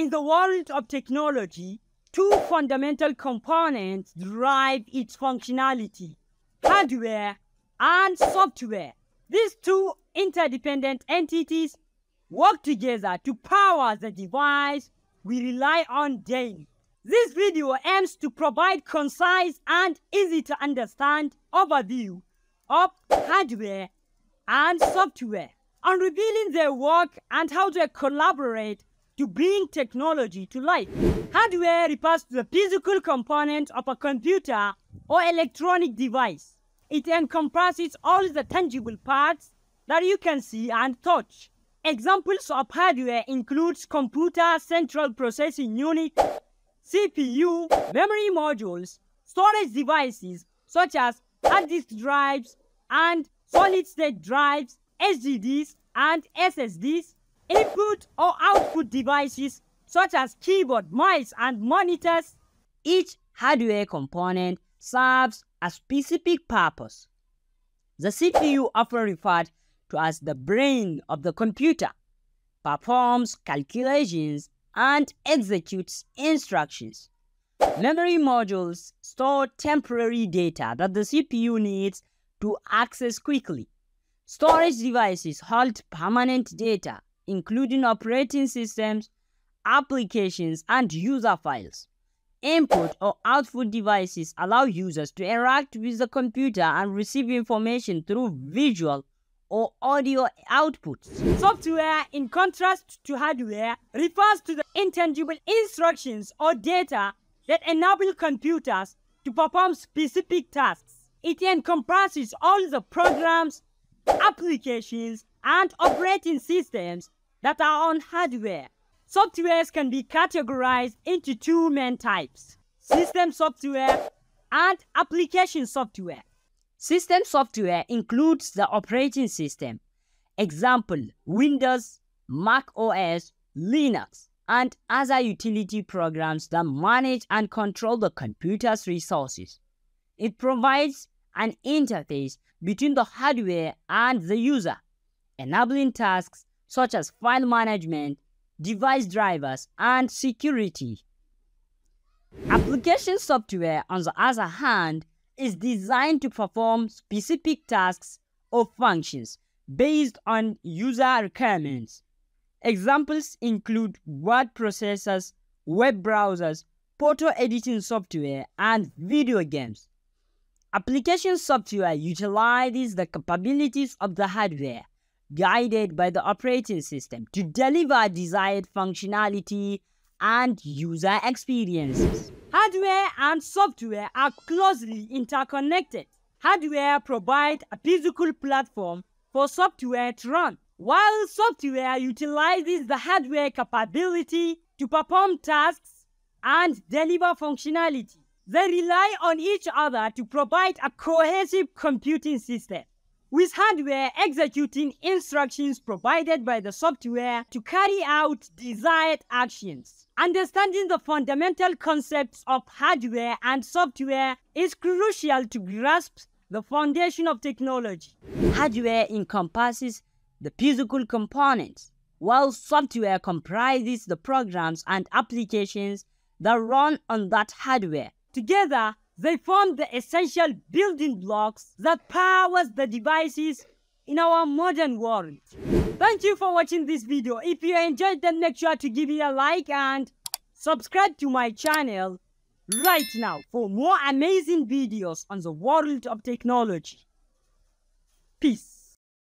In the world of technology, two fundamental components drive its functionality, hardware and software. These two interdependent entities work together to power the device we rely on daily. This video aims to provide concise and easy to understand overview of hardware and software on revealing their work and how they collaborate to bring technology to life. Hardware refers to the physical component of a computer or electronic device. It encompasses all the tangible parts that you can see and touch. Examples of hardware includes computer central processing unit, CPU, memory modules, storage devices such as hard disk drives and solid state drives, SSDs and SSDs, input or output devices such as keyboard, mice, and monitors. Each hardware component serves a specific purpose. The CPU, often referred to as the brain of the computer, performs calculations and executes instructions. Memory modules store temporary data that the CPU needs to access quickly. Storage devices hold permanent data including operating systems, applications, and user files. Input or output devices allow users to interact with the computer and receive information through visual or audio outputs. Software, in contrast to hardware, refers to the intangible instructions or data that enable computers to perform specific tasks. It encompasses all the programs, applications, and operating systems that are on hardware. Softwares can be categorized into two main types, system software and application software. System software includes the operating system, example Windows, Mac OS, Linux, and other utility programs that manage and control the computer's resources. It provides an interface between the hardware and the user, enabling tasks such as file management, device drivers, and security. Application software, on the other hand, is designed to perform specific tasks or functions based on user requirements. Examples include word processors, web browsers, photo editing software, and video games. Application software utilizes the capabilities of the hardware guided by the operating system to deliver desired functionality and user experiences. Hardware and software are closely interconnected. Hardware provides a physical platform for software to run, while software utilizes the hardware capability to perform tasks and deliver functionality. They rely on each other to provide a cohesive computing system with hardware executing instructions provided by the software to carry out desired actions. Understanding the fundamental concepts of hardware and software is crucial to grasp the foundation of technology. Hardware encompasses the physical components, while software comprises the programs and applications that run on that hardware. Together, they form the essential building blocks that powers the devices in our modern world. Thank you for watching this video. If you enjoyed then make sure to give it a like and subscribe to my channel right now for more amazing videos on the world of technology. Peace.